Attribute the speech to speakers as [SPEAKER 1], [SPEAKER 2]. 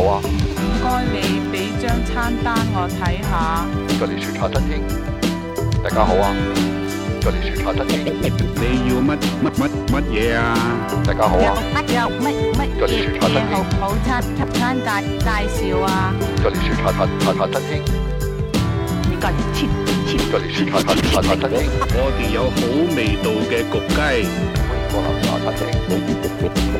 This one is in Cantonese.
[SPEAKER 1] 好啊，唔該你俾張餐單我
[SPEAKER 2] 睇下。
[SPEAKER 3] 九霄茶餐廳，大家好啊。九霄茶餐廳，你要乜乜乜乜嘢啊？大家好啊。
[SPEAKER 2] 九霄
[SPEAKER 1] 茶餐廳，有乜有乜乜好餐餐介介紹啊？
[SPEAKER 3] 九霄茶茶茶餐廳，近設設。九霄茶茶茶餐廳，我我哋有好
[SPEAKER 2] 味道嘅焗雞。可以過嚟九霄茶餐廳。